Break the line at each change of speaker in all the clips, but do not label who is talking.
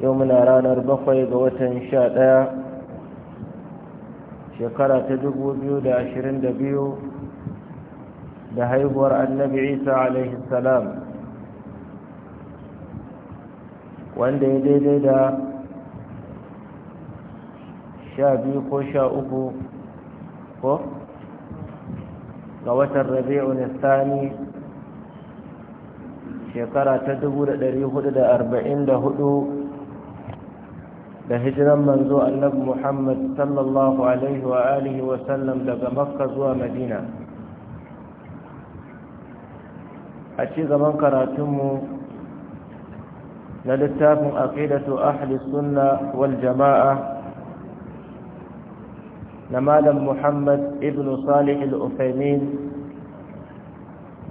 yau muna ranar bakwai ga watan sha ɗaya shekara ta dubu biyu da ashirin da biyu da haihuwar annabi isa alaihi salam wanda ya daidai da sha biyu ko sha uku ko ga watan rabi'un Sani shekara ta dubu da ɗari hudu da arba'in da hudu da hijiran manzo annabi Muhammad sallallahu alaihi wa alihi wa sallam daga Makka zuwa Madina a ci gaban karatunmu na littafin aqidatu ahli sunna wal jama'a na malam Muhammad ibn Salih al-Uthaymeen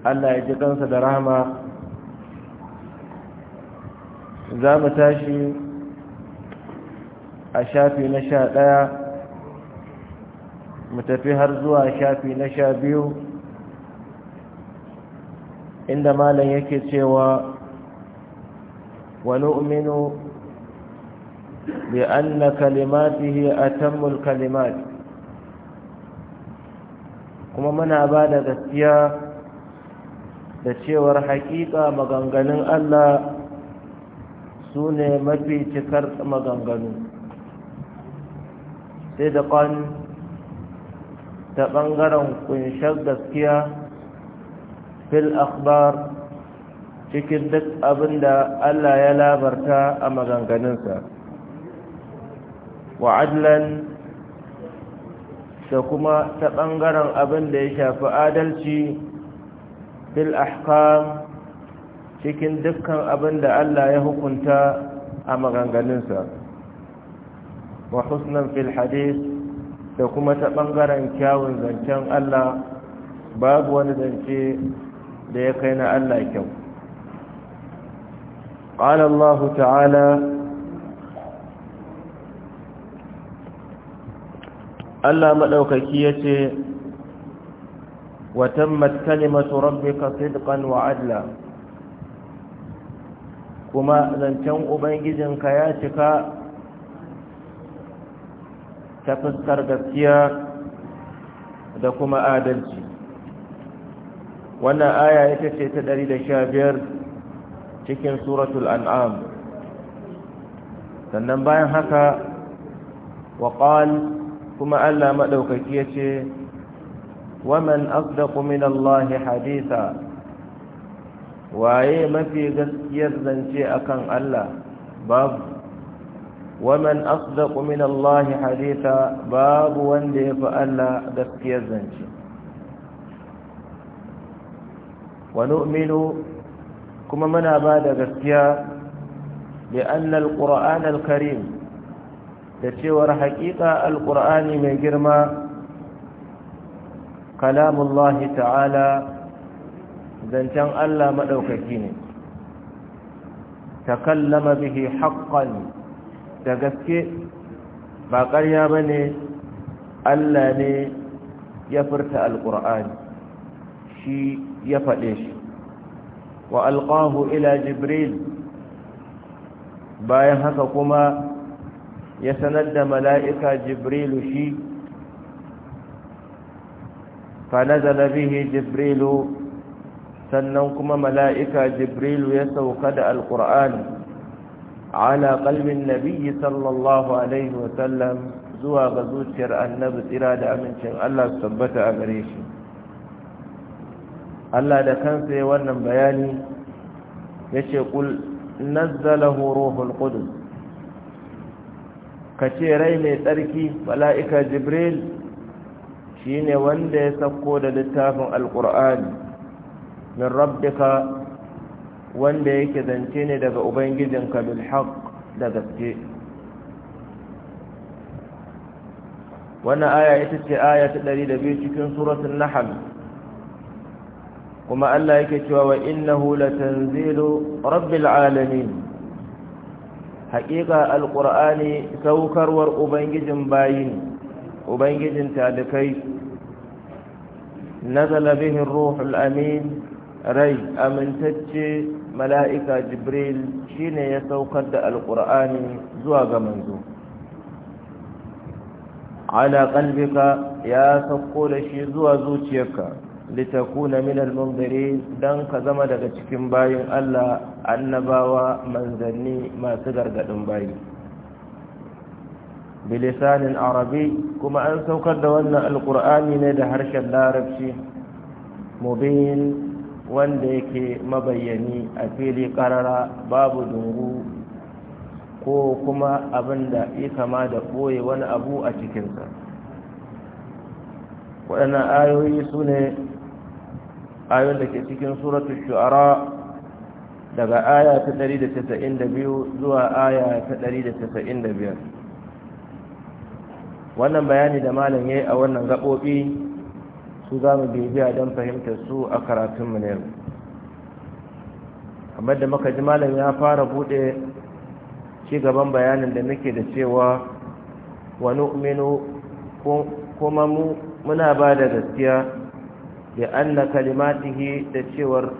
Allah ya ji kansa da rahama za mu tashi a shafi na sha ɗaya mu tafi har zuwa shafi na sha biyu inda malam yake cewa Wani ونؤمن بأن a tammul kalimat kuma muna ba da gaskiya da cewar hakika maganganun Allah su ne mafi cikar maganganu sidqan ta ɓangaren kunshar gaskiya fil akhbar cikin duk abin da Allah ya labarta a maganganunsa wa adlan da kuma ta ɓangaren abin da ya shafi adalci fil ahkam cikin dukkan abin da Allah ya hukunta a maganganunsa wa husnan fil hadith da kuma ta ɓangaren kyawun zancen Allah babu wani zance da ya kai na Allah kyau قال Ta'ala Allah maɗaukaki ya ce watammat kalimatu rabbika sidqan wa Allah, kuma zancen ubangijinka ya cika ta fuskar gaskiya da kuma adalci wannan aya ita ce ta ɗari da sha biyar cikin suratul an'am sannan bayan haka waƙal kuma allah maɗaukaki ya ce waman asdaqu min allahi haditha waye mafi gaskiyar zance akan allah babu ومن أصدق من الله حديثا باب وانده فألا دفكي الزنج ونؤمن كما من أباد دفكيا لأن القرآن الكريم تشور حقيقة القرآن من جرما كلام الله تعالى زنجان ألا مدوككين تكلم به حقا da gaske ba ƙarya ba ne allah ne ya furta alƙur'ani shi ya faɗe shi wa alƙahu ila jibril bayan haka kuma ya sanar da mala'ika jibrilu shi na bihi jibrilu sannan kuma mala'ika jibrilu ya sauka da alƙur'ani على قلب Nabiyyu صلى الله عليه وسلم zuwa ga zuciyar annabi tsira da amincin Allah su tabbata a gare shi Allah da kansa ya wannan bayani ya ce kul nazzalahu ruhul qudus kace rai mai tsarki mala'ika jibril shine wanda ya sako da littafin alqur'ani min rabbika wanda yake zance ne daga ubangijinka bil haqq da gaske wannan aya ita ce aya ta 102 cikin suratul nahl kuma Allah yake cewa wa innahu latanzilu rabbil alamin haƙiƙa alqur'ani saukarwar ubangijin bayin ubangijin talikai nazala bihi ruhul amin rai amintacce mala'ika jibril shine ya saukar da alƙur'ani zuwa ga manzo ala qalbika ya sauko da shi zuwa zuciyarka litakuna min al don dan ka zama daga cikin bayin Allah annabawa manzanni masu gargadin bayi bilisanin arabi kuma an saukar da wannan alqur'ani ne da harshen larabci mubin wanda yake mabayyani a fili karara babu dungu ko kuma abin da ya kama da ɓoye wani abu a cikinsa waɗannan ayoyi su ne ayoyin da ke cikin suratun shu'ara daga aya ta 192 zuwa aya ta 195 wannan bayani da malam ya yi a wannan gaɓoɓi su za mu bibiya don fahimtar su a karatunmu na yau amma da muka ji malam ya fara bude ci gaban bayanin da muke da cewa wa nu'minu kuma mu muna ba da gaskiya da anna kalimatihi da cewar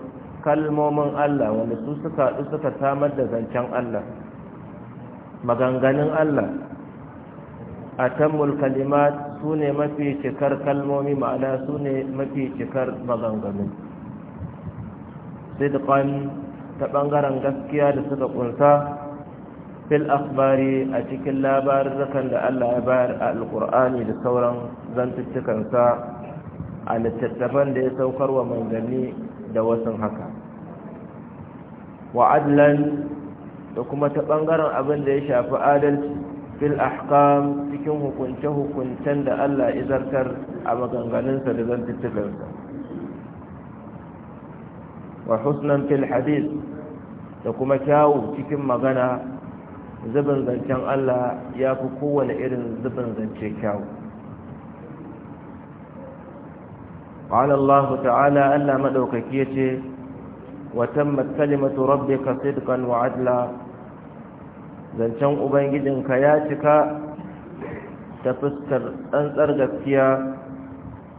kalmomin Allah wanda su suka suka samar da zancen Allah maganganun Allah a tammul kalimat su ne mafi cikar kalmomi ma'ana su ne mafi cikar maganganu sidqan ta ɓangaren gaskiya da suka ƙunsa fil akhbari a cikin labarukan da Allah ya bayar a alkur'ani da sauran zantuttukansa a littattafan da ya saukar wa manzanni da wasu haka wa adlan da kuma ta ɓangaren abin da ya shafi adalci fil ahkam cikin hukunce-hukuncen da Allah izartar a maganganunsa da zantuttukansa wa husnan fil hadith da kuma kyawu cikin magana zubin zancen Allah ya fi kowane irin zubin zance kyawu قال الله تعالى ألا مدوكك يتي وتمت كلمة ربك صدقا وعدلا zancen ubangijinka ya cika ta fuskar tsantsar gaskiya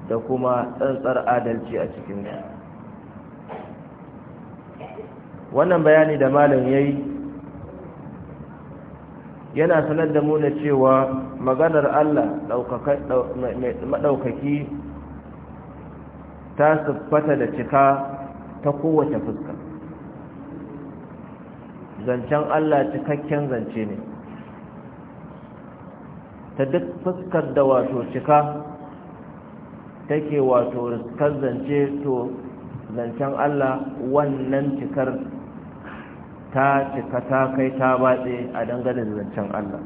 da kuma tsantsar adalci a cikin ya? wannan bayani da malam ya yi yana sanar da muna cewa maganar Allah maɗaukaki ta siffata da cika ta kowace fuskar. zancen Allah cikakken zance ne ta duk fuskar da wato cika take wato riskar zance to zancen Allah wannan cikar ta cika ta kai ta batse a dangane da zancen Allah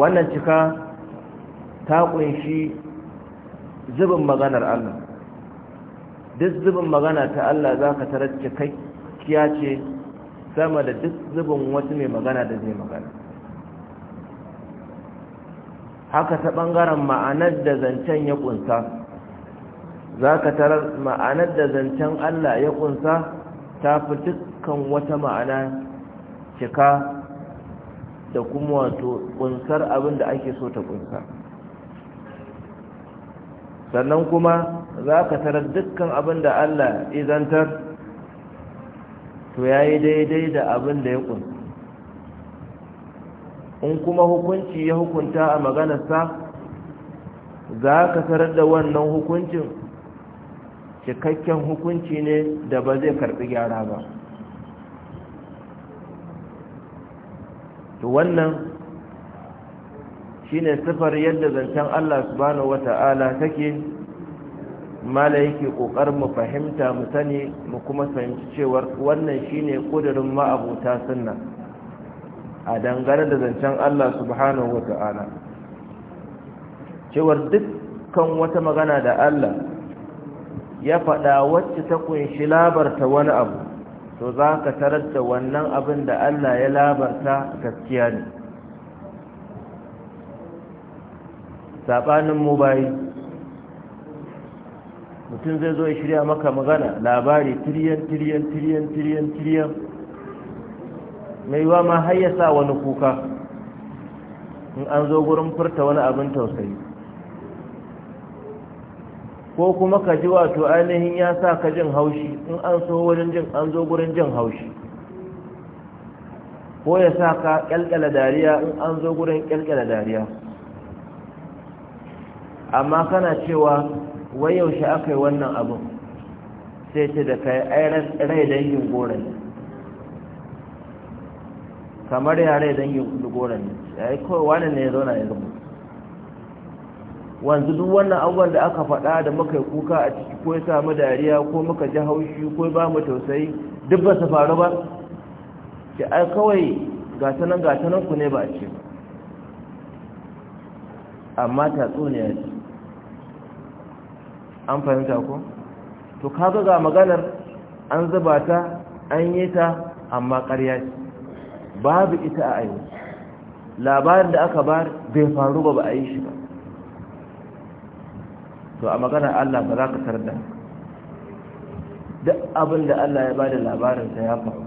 wannan cika ta kunshi zubin maganar Allah duk zubin magana ta Allah za ka tarar cikakkiya ce sama da duk zubin wasu mai magana da zai magana haka ta ɓangaren ma'anar da zancen ya ƙunsa za ka tarar ma'anar da zancen Allah ya ƙunsa ta fi dukkan wata ma'ana cika da kuma wato kunsar abin da ake so ta ƙunsa. sannan kuma za ka tarar dukkan abin da Allah izantar to ya yi daidai da abin da ya kun in kuma hukunci ya hukunta a maganarsa za ka tarar da wannan hukuncin cikakken hukunci ne da ba zai karbi gyara ba to wannan shine sifar yadda zancen Allah subhanahu ta'ala take mala yake ƙoƙarin mu fahimta mu sani mu kuma fahimci cewar wannan shine ƙudurin ma'abuta sunna a dangane da zancen Allah subhanahu wata'ala cewar dukkan wata magana da Allah ya faɗa wacce ta kunshi labarta wani abu to za ka tarar da wannan abin da Allah ya labarta gaskiya ne saɓanin mu bayi mutum zai zo ya shirya maka magana labari tiriyan tiriyan tiriyan tiriyan tiriyan mai yiwa ma har ya sa wani kuka in an zo gurin furta wani abin tausayi ko kuma ka ji wato ainihin ya sa ka jin haushi in an so wurin jin an zo gurin jin haushi ko ya sa ka kyalkyala dariya in an zo gurin kyalkyala dariya amma kana cewa wai yaushe aka yi wannan abin sai ce da kai ai rai dangin gora ne kamar ya rai dangin gora ya yi kawai wani ne ya zauna ya zama wanzu duk wannan abubuwan da aka faɗa da muka yi kuka a ciki ko ya samu dariya ko muka ji haushi ko ba mu tausayi duk ba su faru ba ke ai kawai gatanan gatanan ku ne ba a ce amma tatsuniya ce an fahimta ko to kaga ga maganar an zuba ta an yi ta amma ƙarya ce babu ita a ayi labarin da aka bar bai faru ba ba a yi shi ba to a maganar Allah ba za ka sarda. duk abin da Allah ya bada labarinsa ya faru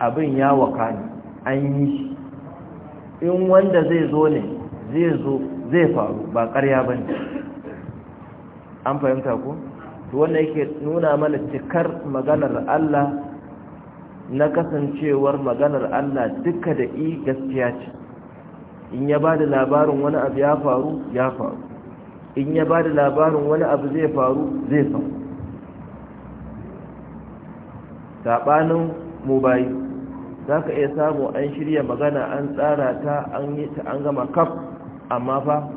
abin ya waka ne an yi shi in wanda zai zo ne zai zo zai faru ba ƙarya ba ne an fahimta ko to wannan yake nuna mana cikar maganar Allah na kasancewar maganar Allah duka da i gaskiya ce in ya bada labarin wani abu ya faru ya faru in ya bada labarin wani abu zai faru zai faru sabanin mobile za ka iya samu an shirya magana an tsara ta an yi ta an gama kaf amma fa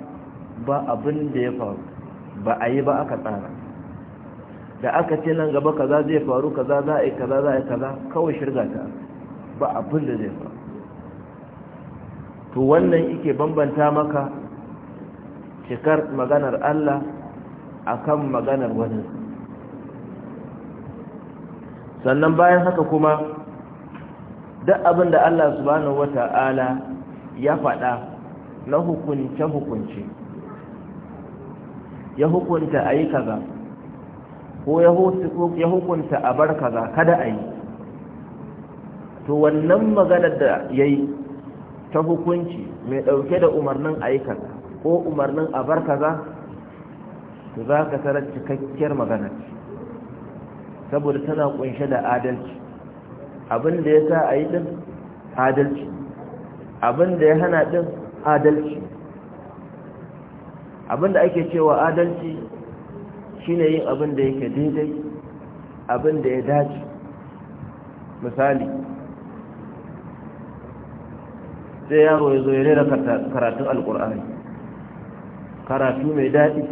ba abin da ya faru ba a yi ba aka tsara da aka ce nan gaba kaza zai faru kaza za a yi kaza za a yi kaza kawai shirga ta ba abin da zai faru to wannan ike bambanta maka cikar maganar Allah akan maganar wani sannan bayan haka kuma duk abin da Allah subhanahu wata'ala ya faɗa na hukunce-hukunce ya hukunta a yi kaza ko ya hukunta a bar kaza kada a yi to wannan maganar da ya yi ta hukunci mai ɗauke da umarnin a yi kaza ko umarnin a bar kaza to za ka tarar cikakkiyar maganar saboda tana kunshe da adalci abin da ya sa a yi din, adalci abin da ya hana din, adalci abinda ake cewa adalci shine yin abin da yake daidai abin da ya dace misali sai yaro ya zo ya rera karatun alkur'ani karatu mai daɗi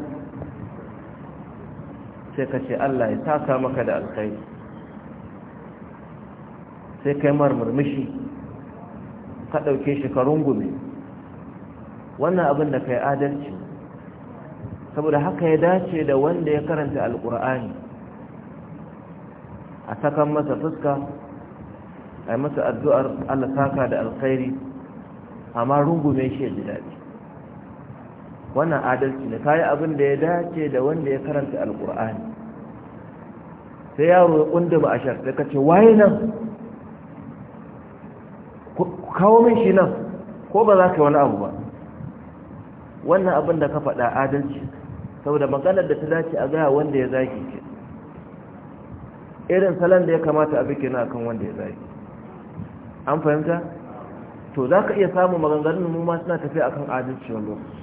sai ka ce allah ya taka maka da alkhairi sai kai marmurmishi ka ɗauke shekarun gumi wannan abin da kai adalci saboda haka ya dace da wanda ya karanta alkur'ani a sakan masa fuska a masa addu'ar Allah saka da alkhairi amma rungume shi ya ji daɗi wannan adalci ne kayi abin da ya dace da wanda ya karanta alkur'ani sai yaro ya kunda ba a shafi ka ce waye nan kawo min shi nan ko ba za ka yi wani abu ba wannan abin da ka faɗa adalci saboda maganar da ta dace a gaya wanda ya zagi ke irin salon da ya kamata a bikin akan wanda ya zagi an fahimta to za ka iya samun maganganun mu ma suna tafiya akan adalci wani lokaci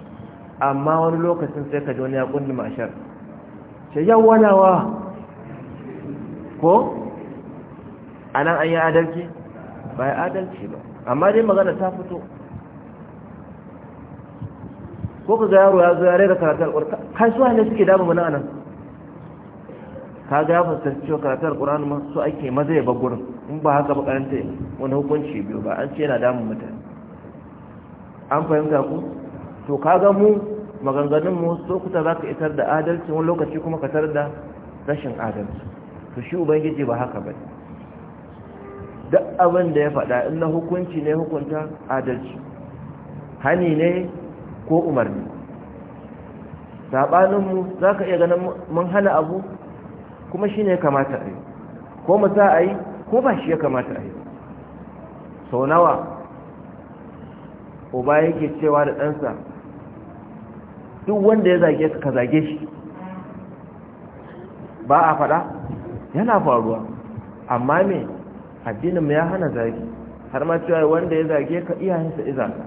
amma wani lokacin sai ka ji wani ya kunni mashar ce yau wanawa ko a nan an yi adalci ba ya adalci ba amma dai magana ta fito ko ka ga yaro ya zo ya rera karatun alƙur'ani kasuwa ne suke damu mana anan ka ga ya fuskanci cewa karatun alƙur'ani ma su ake maza ya gurin in ba haka ba karanta wani hukunci biyu ba an ce yana damu mutane an fahimta ku to ka ga mu maganganun mu so kuta za ka isar da adalci wani lokaci kuma ka tar da rashin adalci to shi ubangiji ba haka ba duk abin da ya faɗa in na hukunci ne hukunta adalci hani ne ko umarni saɓaninmu za ka iya ganin mun hana abu kuma shi ne kamata a yi ko mu sa a yi ko ba shi ya kamata a yi sau nawa uba yake cewa da ɗansa duk wanda ya zage ka zage shi ba a faɗa yana faruwa amma me addininmu ya hana zage har ma cewa wanda ya zage ka iyayensa izaka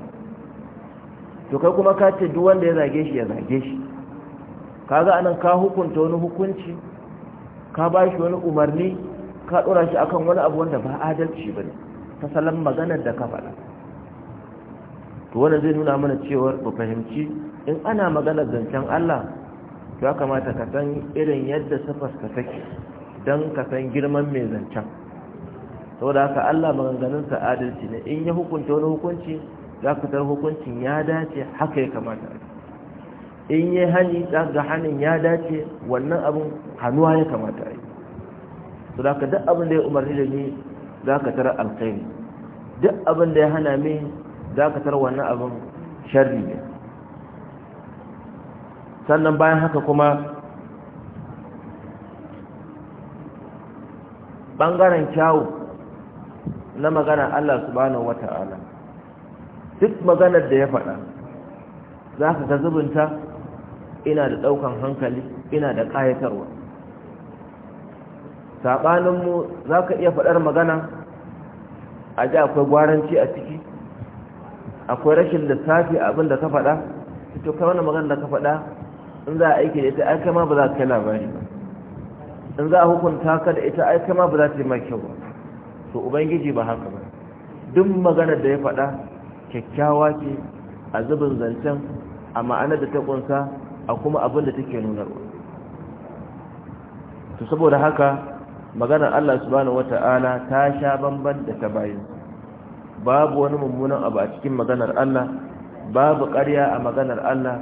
to kai kuma ka ce duk wanda ya zage shi ya zage shi Ka ga anan ka hukunta wani hukunci ka ba shi wani umarni ka dora shi akan wani abu wanda ba adalci bane ta salon maganar da ka faɗa to wannan zai nuna mana cewa ba fahimci in ana maganar zancen Allah to ya kamata ka san irin yadda sifas ka take dan ka san girman mai zancen saboda haka Allah maganganunsa adalci ne in ya hukunta wani hukunci za ku tar hukuncin ya dace haka ya kamata in yi hani za ga hannun ya dace wannan abin hannuwa ya kamata yi su za ka duk abin da ya umarni da ni za ka tara alkhairi duk abin da ya hana min za ka tara wannan abin sharri ne sannan bayan haka kuma ɓangaren kyawu na magana Allah subhanahu wata'ala duk maganar da ya faɗa za ka ga zubinta ina da ɗaukan hankali ina da ƙayatarwa saɓaninmu za ka iya faɗar magana a ji akwai gwaranci a ciki akwai rashin lissafi abin da ka faɗa ito kawai wani magana da ka faɗa in za a aiki da ita aikama ma ba za ka kai labari ba in za a hukunta ka da ita aikama ma ba za ta yi mai kyau ba to ubangiji ba haka ba duk maganar da ya faɗa kyakkyawa ce a zubin zancen a ma'ana da ta kunsa a kuma abin da take nunarwa to saboda haka maganar Allah subhanahu wata'ala ta sha bamban da ta bayin babu wani mummunan abu a cikin maganar Allah babu ƙarya a maganar Allah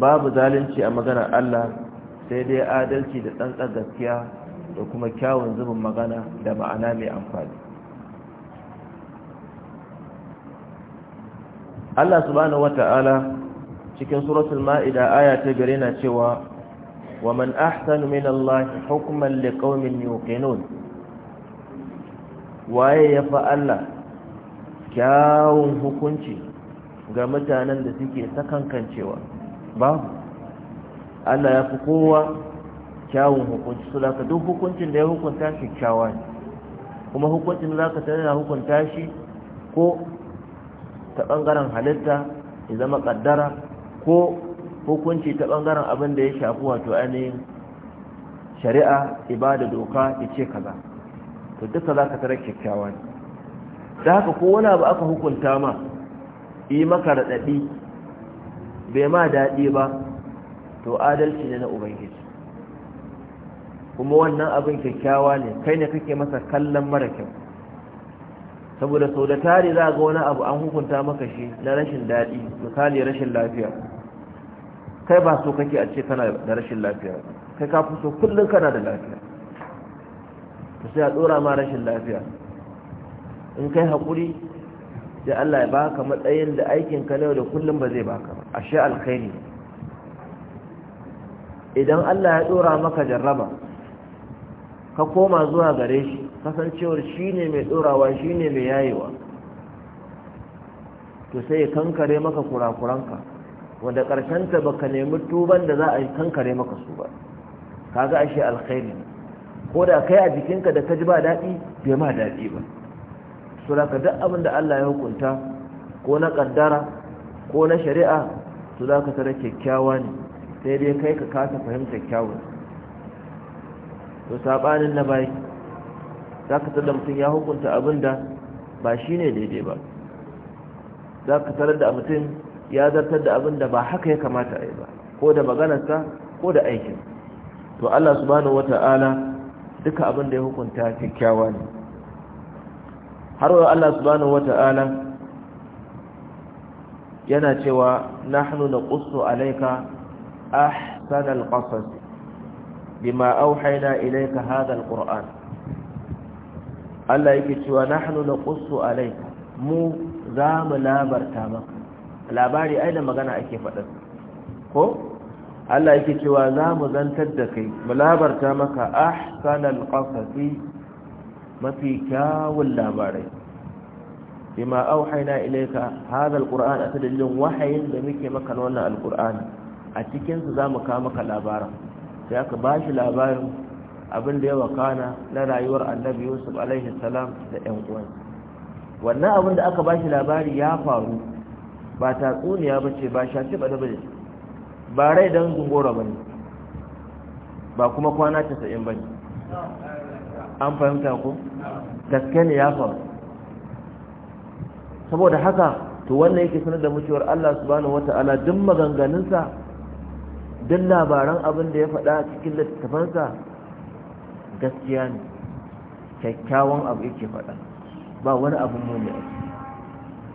babu zalunci a maganar Allah sai dai adalci da tsantsar gaskiya da kuma kyawun zubin magana da ma'ana mai amfani Allah subhanahu wata'ala cikin suratul ma'ida aya ta gare na cewa wa man ahsanu min Allah hukman liqaumin yuqinun waye ya fa Allah kyawun hukunci ga mutanen da suke sakankancewa babu Allah ya fi kowa kyawun hukunci su da duk hukuncin da ya hukunta shi kyawa ne kuma hukuncin da za ka tana hukunta shi ko ta bangaren halitta ya zama kaddara ko hukunci ta bangaren abin da ya shafi wato ainihin shari'a ibada doka ya ce kaza to duka za ka tara kyakkyawa ne ta haka ko wani abu aka hukunta ma yi maka raɗaɗi bai ma daɗi ba to adalci ne na ubangiji kuma wannan abin kyakkyawa ne kai ne kake masa kallon mara kyau saboda sau da tare za ga wani abu an hukunta maka shi na rashin daɗi misali rashin lafiya kai ba so kake a ce kana da rashin lafiya kai ka fi so kullum kana da lafiya to sai a ɗora ma rashin lafiya in kai haƙuri sai Allah ya baka matsayin da aikin ka yau da kullum ba zai baka ba shi alkhairi idan Allah ya ɗora maka jarraba ka koma zuwa gare shi kasancewar shi ne mai ɗorawa shi ne mai yayewa to sai ya kankare maka kurakuranka wanda ƙarshenta ba ka nemi tuban da za a yi kankare maka su ba ka ga ashe alkhairi ko da kai a jikinka da ka ji ba daɗi bai ma daɗi ba su da ka duk abin da allah ya hukunta ko na ƙaddara ko na shari'a su za ka tara kyakkyawa ne sai dai kai ka kasa fahimta kyawun to saɓanin na bai. za ka da mutum ya hukunta abin da ba shi ne daidai ba za ka tarar da mutum ya zartar da abin da ba haka ya kamata a yi ba ko da maganarsa ko da aikin to Allah subhanahu ta'ala duka abin da ya hukunta kyakkyawa ne har wa Allah subhanahu ta'ala yana cewa nahnu naqussu alayka ahsanal qasas bima auhayna ilayka hadha alquran Allah yake cewa nahnu naqussu alayka mu za mu labarta maka labari ai da magana ake faɗa ko Allah yake cewa za mu zantar da kai mu labarta maka ahsanal qasasi mafi kyawun labarai bima auhayna ilayka hadha alquran atadallin wahayin da muke maka wannan alquran a cikin su zamu kawo maka labarin sai aka bashi labarin abin da ya wakana na rayuwar annabi yusuf alaihi salam da yan uwansa wannan abin da aka bashi labari ya faru ba tatsuniya ba ce ba shafi ba da ba ba rai don gungora ba ne ba kuma kwana casa'in ba ne an fahimta ku gaske ne ya faru saboda haka to wannan yake sanar da mutuwar allah subhanahu ta'ala duk maganganunsa duk labaran abin da ya faɗa cikin littattafansa gaskiya ne kyakkyawan abu yake faɗa ba wani abin muni a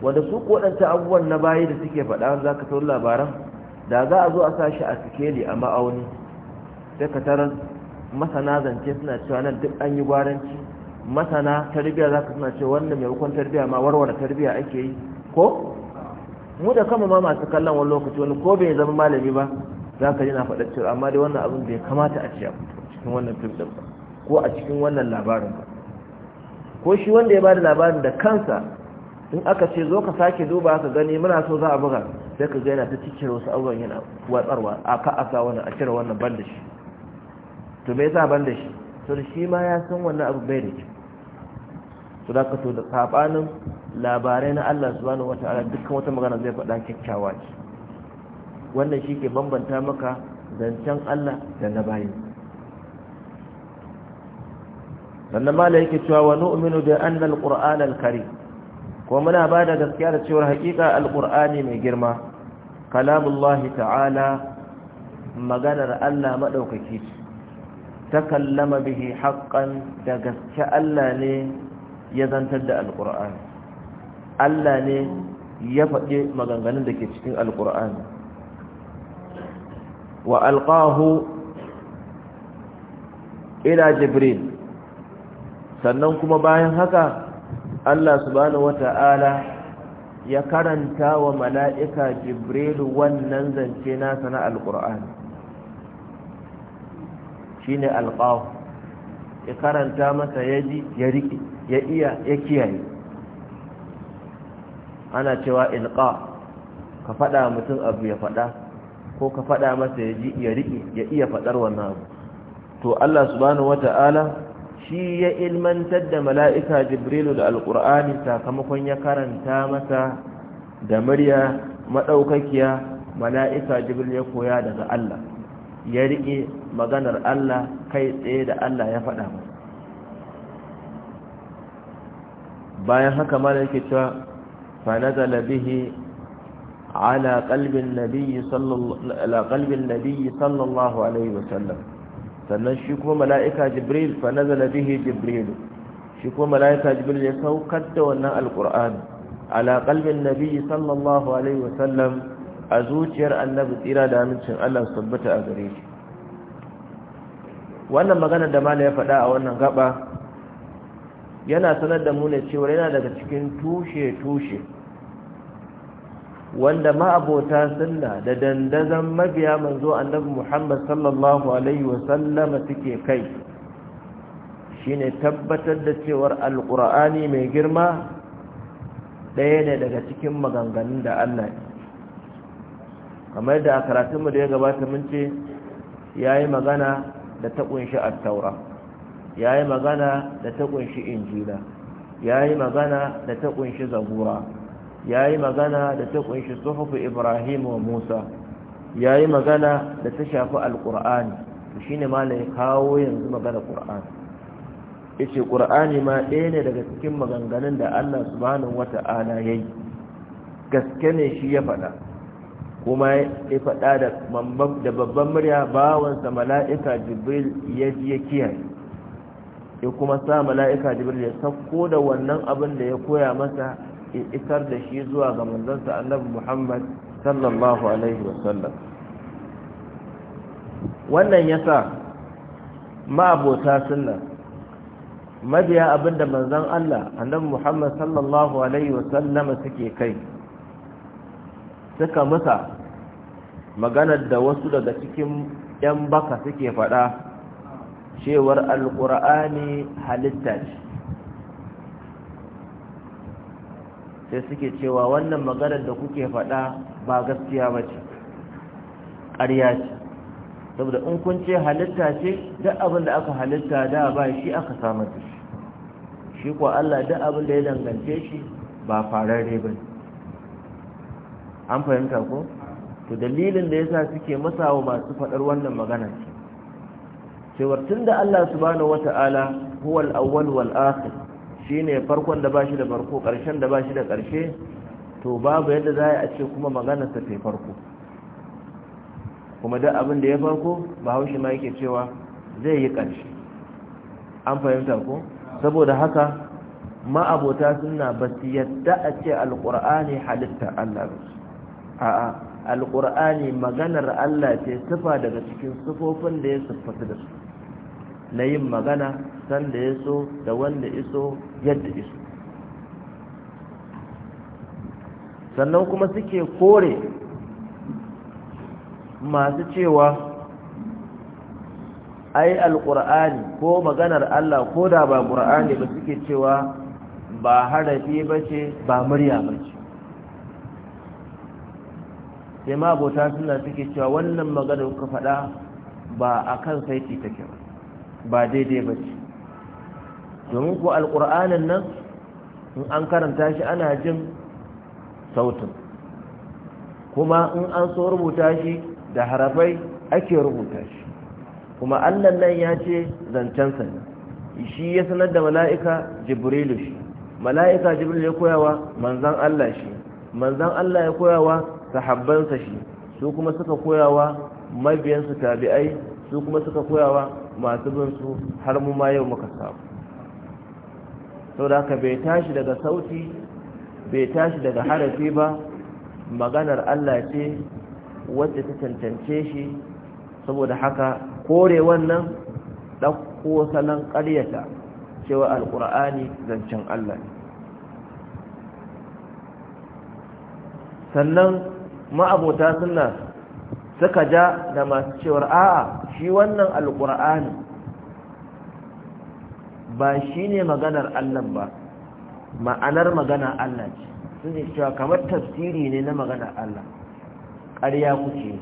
wanda su kodanta abubuwan na bayi da suke faɗa za ka sauri labaran da za a zo a sa shi a sikeli a ma'auni sai ka tarar masana zance suna cewa nan duk an yi gwaranci masana tarbiya za ka suna cewa wannan maimakon tarbiya ma warware tarbiya ake yi ko mu da kama ma masu kallon wani lokaci wani ko bai zama malami ba za ka ji na faɗa cewa amma dai wannan abin bai kamata a ce a cikin wannan fim ɗin ba ko a cikin wannan labarin ba ko shi wanda ya ba da labarin da kansa in aka ce zo ka sake duba ka gani muna so za a buga sai ka gaina ta cikin wasu abubuwan yana watsarwa a ka a sa wannan a cire wannan ban da shi to me yasa ban da shi to shi ma ya san wannan abu bai da shi to da ka to da sabanin labarai na Allah subhanahu wataala dukkan wata magana zai faɗa kyakkyawa ce wannan shi ke bambanta maka zancen Allah da na bayin sannan mala yake cewa wa nu'minu bi anna al-qur'an al-karim ko muna bada da gaskiya da cewa haƙiƙa al-qur'ani mai girma kalamullahi ta'ala maganar Allah madaukaki ta kallama bihi haqqan da gaske Allah ne ya zantar da al-qur'ani Allah ne ya faɗi maganganun da ke cikin al-qur'ani wa alqahu ila jibril sannan kuma bayan haka Allah subhanahu wata'ala ya karanta wa mala'ika Jibril wannan zance nasa na alƙur'ani shi ne qaf ya karanta masa ya ji ya riƙe ya iya ya kiyaye ana cewa ilqa ka faɗa mutum abu ya faɗa ko ka faɗa masa ya ji ya riƙe ya iya fadar wannan abu to Allah subhanahu wata'ala shi ya ilmantar da mala'ika jibrilu da alƙur'ani sakamakon ya karanta masa da murya maɗaukakiya mala'ika jibril ya koya daga Allah ya riƙe maganar Allah kai tsaye da Allah ya faɗa masa bayan haka mana cewa fa nazala bihi ala ƙalbin nabiyyi sallallahu alaihi wasallam sannan shi kuma mala'ika jibril fa nazala bihi jibril shi kuma mala'ika jibril ya saukar da wannan alqur'ani ala qalbin nabi sallallahu alaihi wasallam a zuciyar annabi tsira da amincin Allah sabbata a gare shi wannan magana da mala ya faɗa a wannan gaba yana sanar da mu ne cewa yana daga cikin tushe tushe wanda ma'abota sunna da dandazon mabiya manzo annabi Muhammad sallallahu alaihi sallama suke kai shine tabbatar da cewar alqur'ani mai girma ɗaya ne daga cikin maganganun da Allah kamar da a karatunmu da ya gabata mun ce yayi magana da ta kunshi at-taura yayi magana da ta kunshi injila yayi magana da ta kunshi zabura ya yi magana da ta kunshi suhufu ibrahim wa musa ya yi magana da ta shafi alƙur'ani to shi ne ya kawo yanzu magana ƙur'ani ya ce ƙur'ani ma ɗaya ne daga cikin maganganun da allah subhanahu ta'ala ya yi gaske ne shi ya faɗa kuma ya faɗa da babban murya bawansa mala'ika jibril ya ji ya kiyaye ya kuma sa mala'ika jibril ya sauko da wannan abin da ya koya masa isar da shi zuwa ga manzansa annabi Muhammad sallallahu alaihi wasallam wannan yasa ma'abota sunna mabiya abinda manzon Allah annabi Muhammad sallallahu alaihi wasallam suke kai suka musa maganar da wasu daga cikin yan baka suke faɗa cewar alƙur'ani halitta ce sai suke cewa wannan maganar da kuke faɗa ba gaskiya ba ce ƙarya ce saboda in kun ce halitta ce duk abin da aka halitta da ba shi aka samu da shi shi kuwa Allah duk abin da ya dangance shi ba fararre ba an fahimta ko to dalilin da yasa suke masa wa masu faɗar wannan magana ce cewar tunda Allah subhanahu wata'ala huwal awwal wal akhir Shi ne farkon da bashi da farko karshen da bashi da karshe to babu yadda za a ce kuma magana ta fi farko kuma duk abin da ya farko bahaushe ma yake cewa zai yi karshe an fahimta ko saboda haka ma'abota suna ba su yadda a ce alƙur'ani halitta Allah ba a'a alƙur'ani maganar Allah ce sifa daga cikin sifofin da ya siffatu da su na yin magana sanda ya so da wanda iso yadda iso sannan kuma suke kore masu cewa ai alƙur'ani ko maganar Allah ko da ba ƙur'ani ba suke cewa ba harafi ba ce ba murya ba ce sai ma abota suna suke cewa wannan maganar ka faɗa ba a kan saiti take ba ba daidai ba ce domin ku alƙur'anin nan in an karanta shi ana jin sautin kuma in an so rubuta shi da harafai ake rubuta shi kuma allan nan ya ce zancensa ne shi ya sanar da mala'ika jibrilu shi mala'ika jibrilu ya koyawa manzan allah shi manzan allah ya koyawa sahabbansa shi su kuma suka koyawa mabiyansu tabi'ai su kuma suka koyawa masu binsu har mu ma yau muka samu sau da ka bai tashi daga sauti bai tashi daga harafi ba maganar Allah ce wacce ta cancance shi saboda haka kore wannan ɗauko salon ƙaryata cewa alƙur'ani zancen Allah sannan ma'abota suna suka ja da masu cewar a'a shi wannan alƙur'ani ba shi ne maganar Allah ba ma'anar magana Allah ce sun ce cewa kamar tafsiri ne na maganar Allah ƙarya ce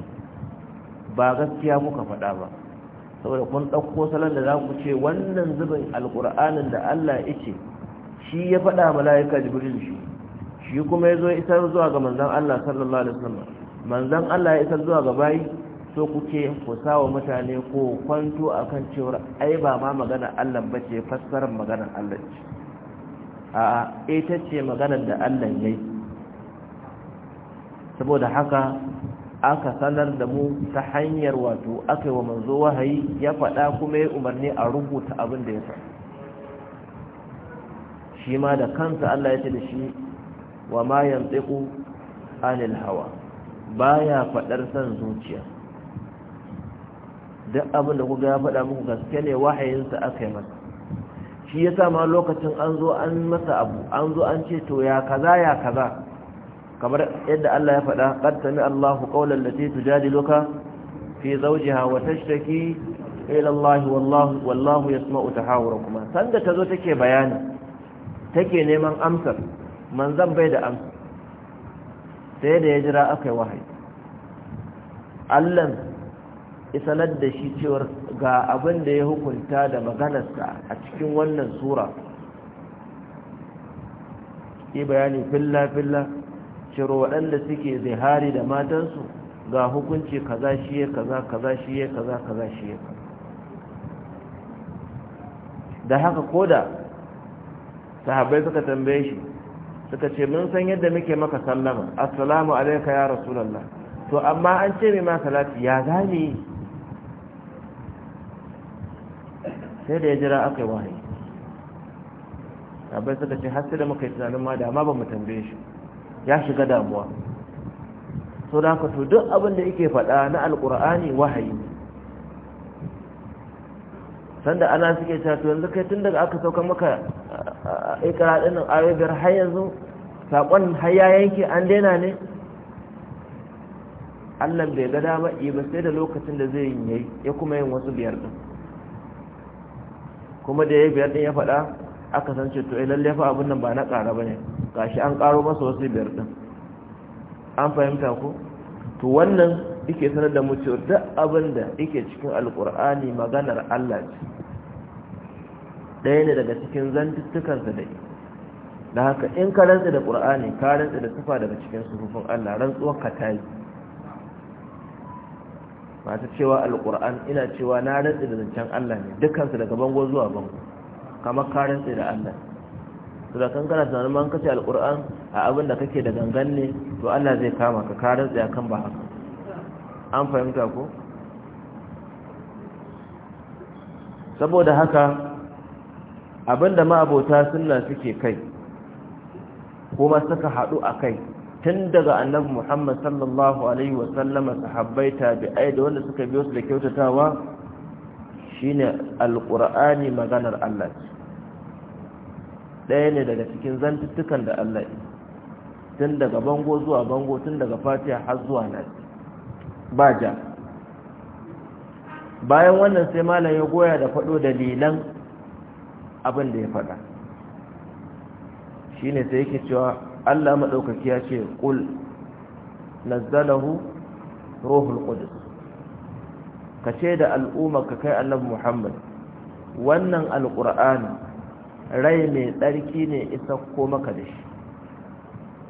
ba gaskiya kuka faɗa ba saboda kun ɗauko salon da za ku ce wannan zubin alƙur'anin da Allah ice shi ya faɗa mala'ika jibril shi shi kuma ya zo isar zuwa ga manzan Allah sallallahu alaihi wasallam manzan Allah ya isar zuwa ga bayi so kuke ku sawa mutane ko kwanto a kan cewar ai ba ma magana Allah ce fassarar maganar Allah ce a ita ce maganar da Allah yayi saboda haka aka sanar da mu ta hanyar wato aka yi wa manzo wahayi ya faɗa kuma ya umarni a rubuta abin da ya sa shi ma da kansa Allah ya ce da shi wa ma yanzu anil hawa baya faɗar san zuciya duk abin da kuka ya faɗa muku gaske ne wahayinsa aka yi masa shi ya sa ma lokacin an zo an masa abu an zo an ce to ya kaza ya kaza kamar yadda Allah ya faɗa qad Allahu qawlan lati tujadiluka fi zawjiha wa tashtaki ila Allah wallahu wallahu yasma'u tahawurakuma sanda tazo take bayani take neman amsar manzan bai da amsa sai da ya jira akai wahayi Allah isanar da shi cewar ga abin da ya hukunta da maganarsa a cikin wannan sura yi bayani filla-filla ciro waɗanda suke zihari da matansu ga hukunci kaza shi ya kaza kaza shi ya kaza kaza shi ya kaza da haka koda sahabbai suka tambaye shi suka ce mun san yadda muke maka sallama assalamu alaika ya rasulallah to amma an ce mai ma ya gane sai da ya jira aka yi wahayi abin suka ce har da muka yi tunanin ma da ba mu tambaye shi ya shiga damuwa so da haka to duk abin da yake faɗa na alƙur'ani wahayi ne sanda ana suke cewa to yanzu kai tun daga aka sauka maka nan ayoyi biyar har yanzu sakon har ya yanke an daina ne Allah bai ga dama yi ba sai da lokacin da zai yi ya kuma yin wasu biyar ɗin. kuma da ya yi biyar din ya faɗa aka san ce to eh fa abin nan ba na ƙara ga shi an ƙaro masa wasu biyar din an fahimta ko to wannan yake sanar da mu cewa duk abin da yake cikin alƙur'ani maganar Allah ce ɗaya ne daga cikin zantuttukansa da da haka in ka rantsa da ƙur'ani ka rantsa da tufa daga cikin sufufin Allah rantsuwar ka masu cewa alƙur'an ina cewa na rantsi da zancen Allah ne dukansu daga bango zuwa bango kamar ka rantsi da Allah to da kan kana tunanin man kace alƙur'an a abin da kake da gangan ne to Allah zai kama ka ka rantsi akan ba haka an fahimta ko saboda haka abinda ma'abota sunna suke kai kuma suka haɗu a kai tun daga annabi muhammad sallallahu alaihi wasallama sahabbai tabi'ai da wanda suka biyo su da kyautatawa shine alqur'ani maganar Allah ɗaya ne daga cikin zantuttukan da Allah tun daga bango zuwa bango tun daga fatiha har zuwa nasi ba ja bayan wannan sai malam ya goya da faɗo dalilan abin da ya faɗa shine sai yake cewa Allah maɗaukaki ya ce ƙul nazzalahu ruhul qudus ka ce da al'umma ka kai annabi muhammad wannan alƙur'ani rai mai tsarki ne isa ko maka da shi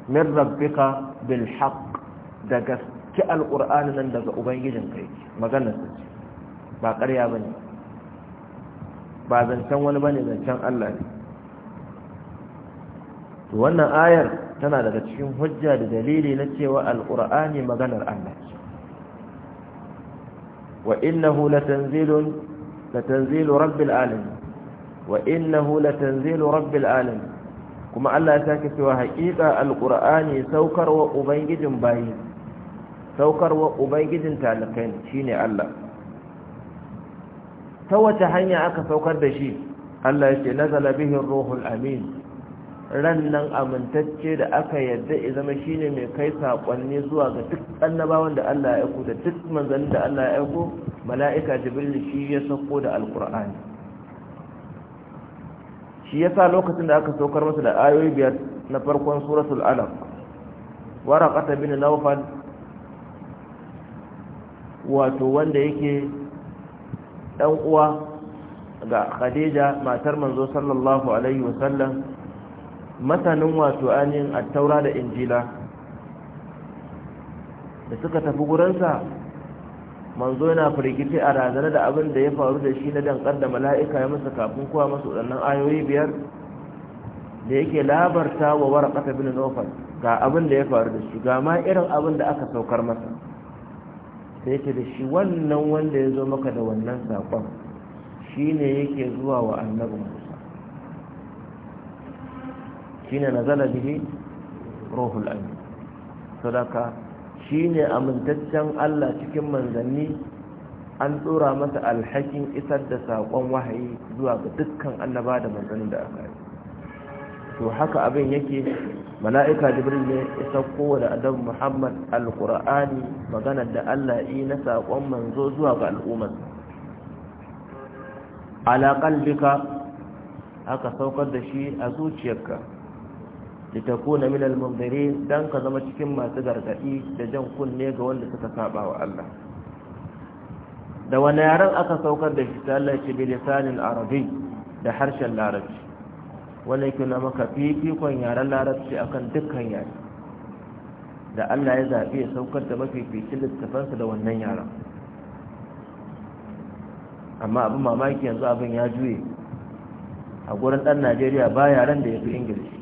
min rabbika bil haqq daga ki alƙur'ani nan daga ubangijin kai magana ce ba ƙarya ba ba zancen wani ba ne zancen allah ne wannan ayar tana daga cikin hujja da dalili na cewa alqur'ani maganar Allah wa innahu latanzilun latanzilu rabbil alamin wa innahu latanzilu rabbil alamin kuma Allah ya sake cewa haƙiƙa alqur'ani wa ubangijin bayi saukarwa ubangijin talakai shine Allah ta wace hanya aka saukar da shi Allah ya ce nazala bihi ruhul amin ran nan amintacce da aka yadda ya zama shine mai kai saƙonni zuwa ga duk annabawan da Allah ya aiko da duk manzannin da Allah ya aiko mala'ika jibril shi ya sauko da alkur'ani shi ya sa lokacin da aka saukar masa da ayoyi biyar na farkon suratul alaq waraqata bin nawfal wato wanda yake dan uwa ga khadija matar manzo sallallahu alaihi wasallam masanin wato ainihin attaura da injila da suka tafi gurinsa manzo yana firgiti a razana da abin da ya faru da shi na dankar da mala'ika ya masa kafin kuwa masu waɗannan ayoyi biyar da yake labarta wa wara ƙasa bin nufar ga abin da ya faru da shi ga ma irin abin da aka saukar masa sai ce da shi wannan wanda ya zo maka da wannan saƙon shi ne yake zuwa wa annabin musa shine nazala bihi ruhul amin sadaka shine amintaccen Allah cikin manzanni an tsora masa alhakin isar da sakon wahayi zuwa ga dukkan annaba da manzannin da aka yi to haka abin yake mala'ika jibril ne ya sauko da adam muhammad alkur'ani magana da allah yi na saƙon manzo zuwa ga al'ummar qalbika haka saukar da shi a zuciyarka litakuna min al-munzirin dan ka zama cikin masu gargadi da jan kunne ga wanda suka saba wa Allah da wani yaran aka saukar da shi ta Allah ce bi lisanin arabi da harshen larabci Wani yake na maka fifikon yaren larabci akan dukkan yare da Allah ya zaɓi ya saukar da mafificin littafansa da wannan yaran amma abin mamaki yanzu abin ya juye a gurin ɗan najeriya ba yaren da ya fi ingilishi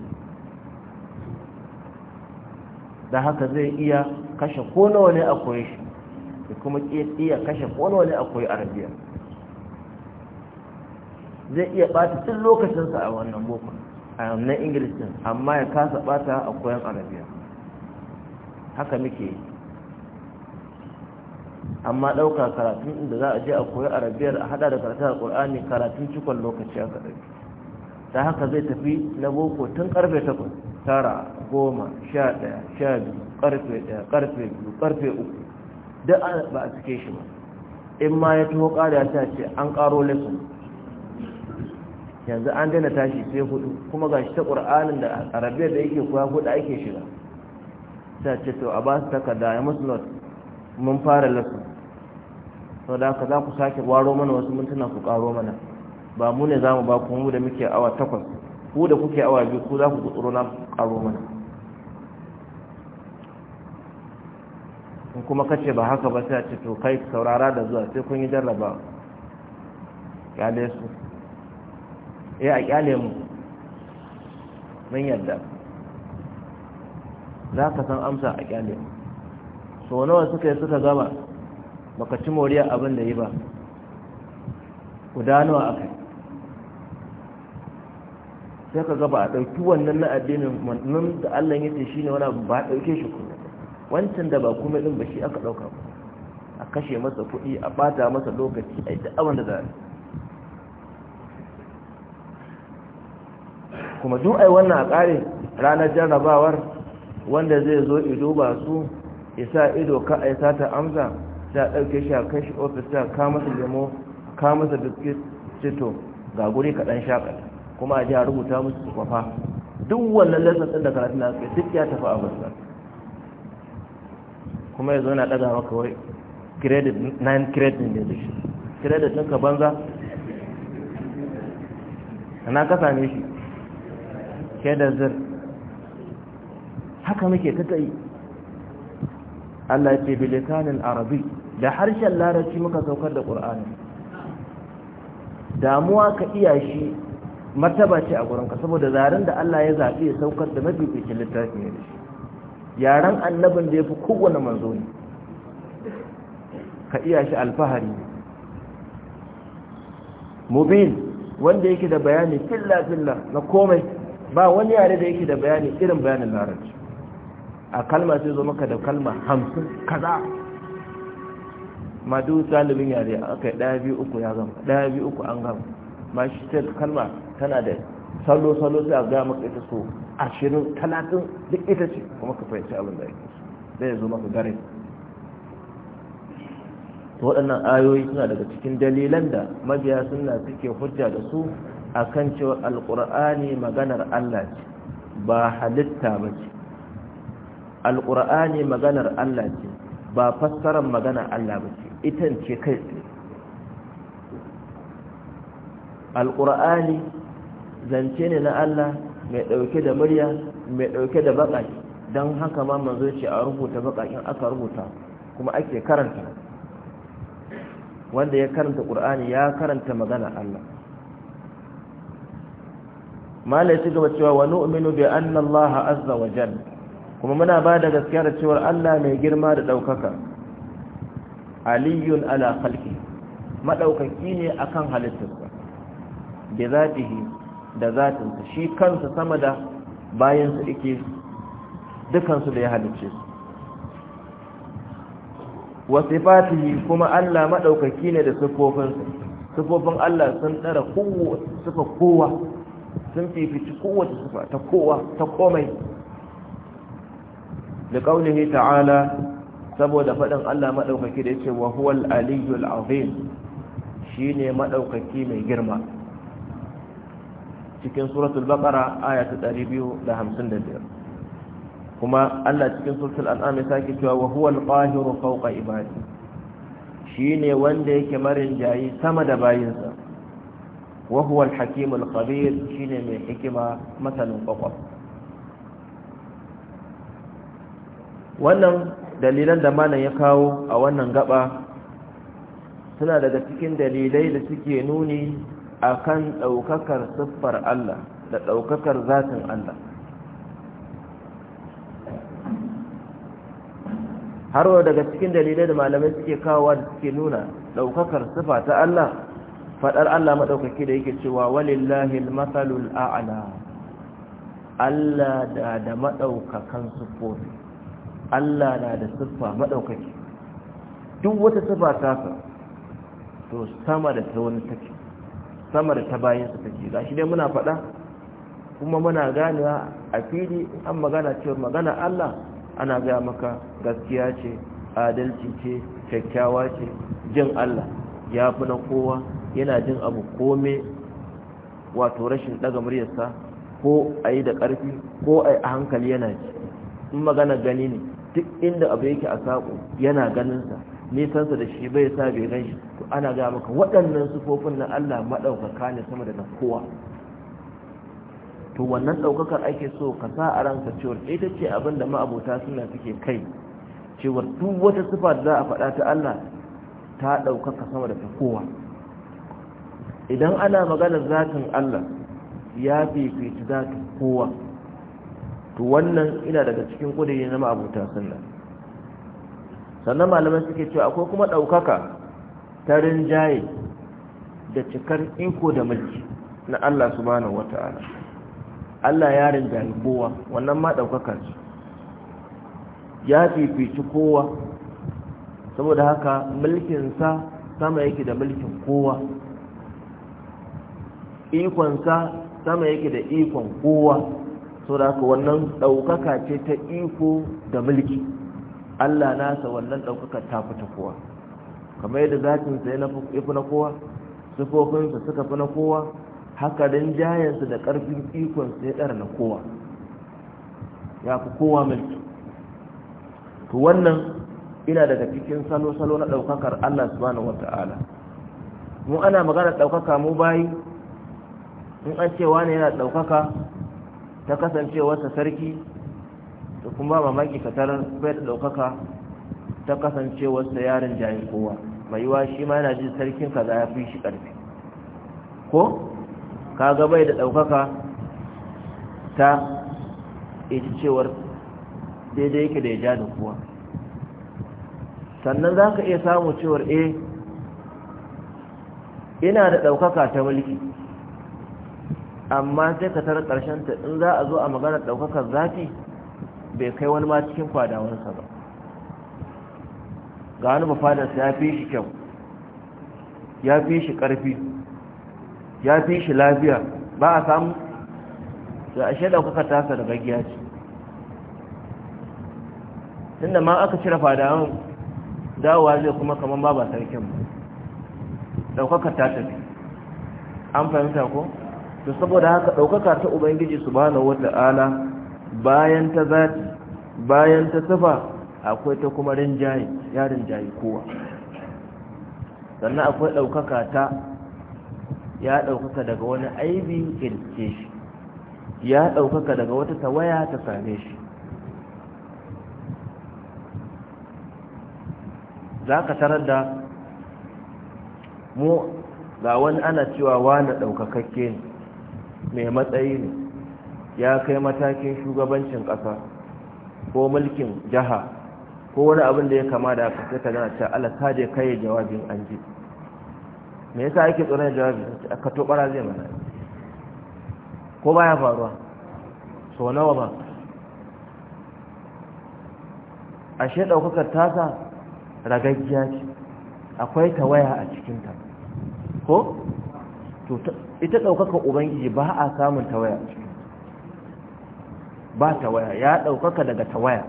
da haka zai iya kashe ko nawa ne akwai shi da kuma iya kashe ko nawa ne akwai arabiya zai iya ɓata cin lokacinsa a wannan boko a wannan ingilis din amma ya kasa ɓata a koyon arabiya haka muke yi amma ɗauka karatun inda za a je a koyi arabiyar a hada da karatun a ƙul'ani karatun cikon lokaci haka ɗauki ta haka zai tafi na boko tun ƙarfe takwas tara goma sha ɗaya sha biyu ƙarfe ɗaya ƙarfe biyu ƙarfe uku duk ba a cike shi ba in ma ya taho ƙara ta ce an ƙaro lesson yanzu an daina tashi sai hudu kuma ga shi ta ƙur'anin da arabiya da yake kuwa hudu ake shiga ta ce to a ba su takarda ya musu not mun fara lesson sau da haka za ku sake waro mana wasu mintuna ku ƙaro mana ba mu ne za mu ba ku mu da muke awa takwas ku da kuke awa biyu ku za ku tsoro na ƙaro mana in kuma kace ba haka ba sai a ce to kai saurara da zuwa sai kun yi jarraba kyale su eh a kyale mu mun yadda za ka san amsa a kyale mu so nawa suka yi suka gama baka ci moriya abin da yi ba gudanuwa a kai sai ka gaba a ɗauki wannan na addinin wannan da allah yake shi ne wani abu ba a ɗauke shi kuma wancan da ba kuma din ba shi aka ɗauka a kashe masa kuɗi a ɓata masa lokaci a yi da za kuma duk ai wannan a ƙare ranar jarrabawar wanda zai zo ido ba su isa ido ka ai sata amsa ta ɗauke shi a kashi ofis ta ka masa a ka masa biskit cito ga guri kaɗan shaƙar kuma a ji a rubuta musu kwafa duk wannan lasar ɗin da karatun na suke duk ya tafi a masu kuma ya zo na ɗaga maka wai credit 9 credit ne da shi credit ɗinka banza na ka same shi ke da zir haka muke ta yi Allah ce bilikanin arabi da harshen larabci muka saukar da ƙur'ani damuwa ka iya shi martaba ce a gurinka saboda zarin da Allah ya zaɓi ya saukar da mafi littafi ne da shi yaren annabin da ya fi kowane manzo ne ka iya shi alfahari mubin wanda yake da bayani filla-filla na komai ba wani yare da yake da bayani irin bayanin larabci a kalma sai zo maka da kalma hamsin kaza Madu duk talibin yare aka yi ɗaya biyu uku ya gama ɗaya biyu uku an gama ma shi kalma tana da salo-salo sai a gaya maka ita so ashirin talatin duk ita ce kuma ka fahimci abin da yake da ya zo maka gare to waɗannan ayoyi suna daga cikin dalilan da mabiya suna suke hujja da su a kan cewa alƙur'ani maganar Allah ce ba halitta ba ce alƙur'ani maganar Allah ce ba fassarar maganar Allah ba ce itan ce kai tsaye alƙur'ani zance ne na Allah mai ɗauke da murya mai ɗauke da baƙaƙi don haka ma manzo ce a rubuta baƙaƙin aka rubuta kuma ake karanta wanda ya karanta ƙur'ani ya karanta magana Allah mala ya gaba cewa wa nu'minu bi anna Allah azza wa jalla kuma muna ba da gaskiya da cewa Allah mai girma da ɗaukaka aliyun ala khalqi madaukaki ne akan halittarsa bi zatihi da zatinsa shi kansa sama da bayansa ike dukansu da ya halicce su wasu fatihi kuma allah maɗaukaki ne da sufofinsa sufofin allah sun ɗara sufa kowa sun fifici kowace sufa ta kowa ta komai da ƙaunihi ta'ala saboda faɗin allah maɗaukaki da ya ce wa huwal aliyu al'azim shi ne maɗaukaki mai girma cikin suratul baqara aya ta 255 kuma Allah cikin suratul an'am ya sake cewa wa huwal qahiru fawqa ibadi shine wanda yake marin jayi sama da bayinsa wa huwal hakimul khabir shine mai hikima masanin kwakwaf wannan dalilan da malan ya kawo a wannan gaba suna daga cikin dalilai da suke nuni akan ɗaukakar siffar Allah da ɗaukakar zatin Allah har wa daga cikin dalilai da malamai suke kawowa da suke nuna ɗaukakar siffa ta Allah faɗar Allah maɗaukaki da yake cewa walillahi masalul a'la Allah da da maɗaukakan siffofi Allah na da siffa maɗaukaki duk wata siffa ta to sama da ta wani take sama da ta bayansa take gashi dai muna faɗa kuma muna ganewa a fili an magana cewa magana Allah ana gaya maka gaskiya ce adalci ce kyakkyawa ce jin Allah ya fi na kowa yana jin abu kome wato rashin ɗaga muryarsa ko a yi da ƙarfi ko a yi a hankali yana ci in magana gani ne duk inda abu yake a saƙo yana ganinsa nisansa da shi bai sa bai gan shi to ana ga maka waɗannan sufofin na Allah maɗaukaka ne sama da kowa to wannan ɗaukakar ake so ka sa a ranka cewar ita ce abin da ma'abota suna suke kai cewar duk wata sifa da za a faɗa ta Allah ta ɗaukaka sama da kowa idan ana maganar zatin Allah ya fifici zatin kowa to wannan ina daga cikin ƙudiri na ma'abota sunna sannan malamai suke cewa akwai kuma ɗaukaka ta rinjaye da cikar iko da mulki na Allah subhanahu wata'ala Allah ya rinjaye kowa wannan ma ɗaukaka ce ya fifici kowa saboda haka mulkinsa sama yake da mulkin kowa ikonsa sama yake da ikon kowa saboda haka wannan ɗaukaka ce ta iko da mulki Allah nasa wannan ɗaukakar ta fi ta kowa kamar yadda sai ya fi na kowa sufofinsa suka fi na kowa haka rinjayensa da ƙarfin ikonsa ya ɗara na kowa ya fi kowa mulki to wannan ina daga cikin salo-salo na ɗaukakar Allah subhanahu wata'ala mu ana magana ɗaukaka mu bayi in an cewa ne yana ɗaukaka ta kasancewarsa sarki da kuma mamaki katar bai da ɗaukaka ta kasance wasu yaren jayin kowa mai yiwa shi ma yana jin sarkin za ya fi shi ƙarfi ko ga bai da ɗaukaka ta ita cewar daidai yake da ya ja da kowa sannan za ka iya samu cewar a eh, ina da ɗaukaka ta mulki amma sai ka tara ta in za a zo a maganar daukakar zafi bai kai wani ma cikin fadawansa ba ga wani fadarsa ya fi shi kyau ya fi shi ƙarfi ya fi shi lafiya ba a samu da ashe da kuka tasa da gagiya ce tunda ma aka cire fadawan dawowa zai kuma kamar ba ba sarkin ba ɗaukaka ta tafi an fahimta ko to saboda haka ɗaukaka ta ubangiji subhanahu wata'ala bayan ta zati bayan ta sifa akwai ta kuma rinjaye ya rinjaye kowa sannan akwai ɗaukaka ta ya ɗaukaka daga wani aibi ilke shi ya ɗaukaka daga wata tawaya ta same shi za ka tarar da mu ga wani ana cewa wani ɗaukakakke ne mai matsayi ne ya kai matakin shugabancin ƙasa ko mulkin jiha ko wani abin da ya kama da aka sai ka gana cewa Allah ta je kai jawabin an ji me yasa ake tsoron jawabi ka to bara zai mana ko baya faruwa so nawa ba ashe ɗaukakar tasa ragaggiya ce akwai tawaya a cikinta ko ita ɗaukakar ubangiji ba a samun tawaya a cikinta ba ta waya ya ɗaukaka daga tawaya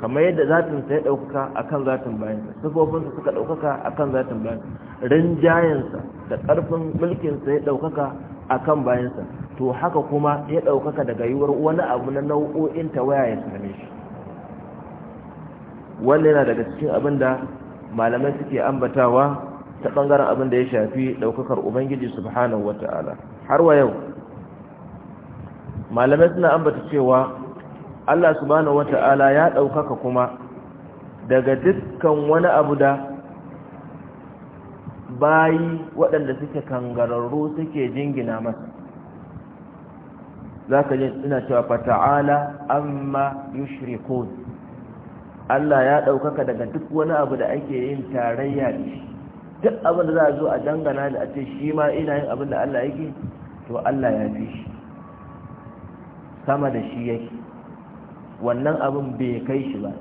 kamar yadda zatinsa ya ɗaukaka a kan zatin bayansa sufofinsa suka ɗaukaka a kan zatin bayansa rinjayensa da ƙarfin mulkinsa ya ɗaukaka a kan bayansa to haka kuma ya ɗaukaka daga yiwuwar wani abu na nau'o'in ta waya ya same shi wannan yana daga cikin abin da malamai suke ambatawa ta ɓangaren abin da ya shafi ɗaukakar ubangiji subhanahu wata'ala har wa yau malamai suna ambata cewa Allah subhanahu wata'ala ya ɗaukaka kuma daga dukkan wani abu da bayi waɗanda suke kangararru suke jingina masa za ka suna cewa fata'ala amma yushrikun Allah ya ɗaukaka daga duk wani abu da ake yin tarayya da duk abin da za a zo a dangana da a ce shi ma ina yin abin da Allah yake to Allah ya fi shi sama da shi yake wannan abin bai kai shi ba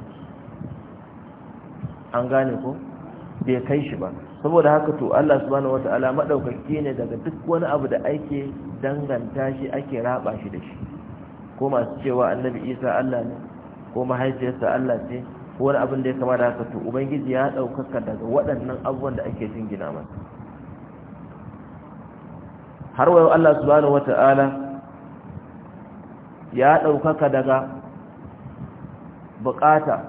an gane ko bai kai shi ba saboda haka to Allah subhanahu wataala madaukaki ne daga duk wani abu da ake danganta shi ake raba shi da shi ko masu cewa annabi Isa Allah ne ko mahaifiyarsa Allah ce ko wani abin da ya kama da haka to ubangiji ya daukaka daga waɗannan abubuwan da ake jingina masa har wayo Allah subhanahu wataala ya ɗaukaka daga bukata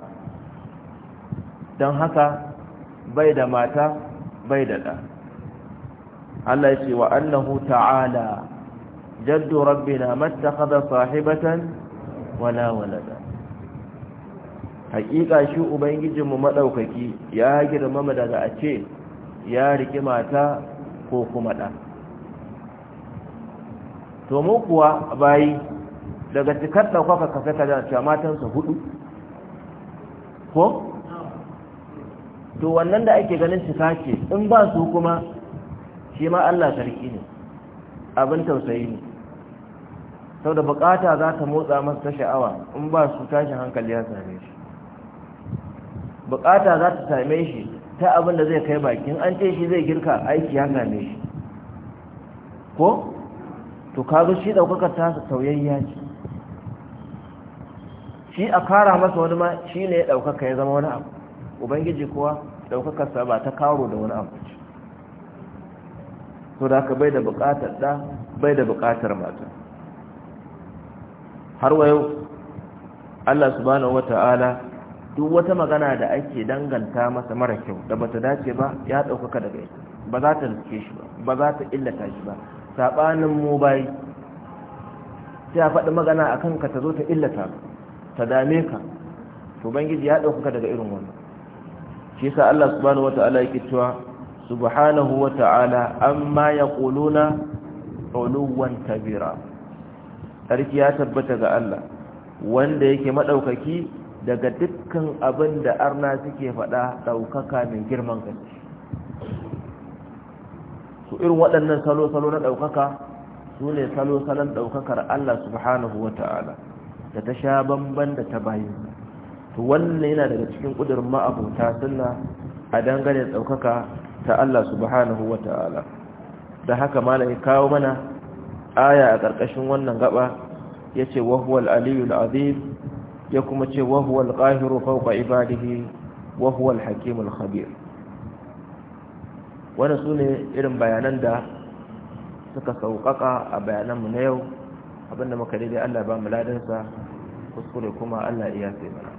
don haka bai da mata bai da ɗa Allah ya ce wa annahu ta'ala jaddu rabbina mattakhadha sahibatan wala walada haƙiƙa shi ubangijinmu maɗaukaki ya girmama daga a ce ya riƙi mata ko kuma ɗa to mu kuwa bayi daga cikar ɗaukaka ka sai ka jana cewa matansa hudu ko? to wannan da ake ganin cika ce in ba su kuma shi ma Allah sarki ne abin tausayi ne sau da bukata za ta motsa masa sha'awa in ba su tashi hankali ya same shi bukata za ta same shi ta abin da zai kai bakin an ce shi zai girka aiki ya same shi ko to kazo shi daukakar tasa sauyayya ce shi a kara masa wani ma shi ne ya ɗaukaka ya zama wani abu ubangiji kuwa ɗaukakarsa ba ta karo da wani abu so da ka bai da buƙatar ɗa bai da buƙatar mata har wa yau allah subhanahu wata'ala duk wata magana da ake danganta masa mara kyau da bata dace ba ya ɗaukaka daga ita ba za ta riske shi ba ba za ta illata shi ba saɓanin mu bai sai a faɗi magana a kanka ta zo ta illata ba ta dame ka to bangiji ya dauka daga irin wannan shi yasa Allah subhanahu wataala yake cewa subhanahu wataala amma yaquluna uluwan kabira sarki ya tabbata ga Allah wanda yake madaukaki daga dukkan abin da arna suke faɗa ɗaukaka mai girman gaske su irin waɗannan salo-salo na ɗaukaka su ne salo-salon ɗaukakar Allah subhanahu wa ta'ala da ta sha bamban da ta bayin to wannan yana daga cikin kudurin ma'abota sunna a dangane tsaukaka ta Allah subhanahu wa ta'ala da haka malai kawo mana aya a ƙarƙashin wannan gaba ya ce wahuwal aliyul azim ya kuma ce wahuwal ƙahiru fauka ibadihi wahuwal hakimul khabir wannan su ne irin bayanan da suka sauƙaƙa a bayananmu na yau abinda muka daidai Allah ba mu ladansa kuskure kuma Allah iya sai mana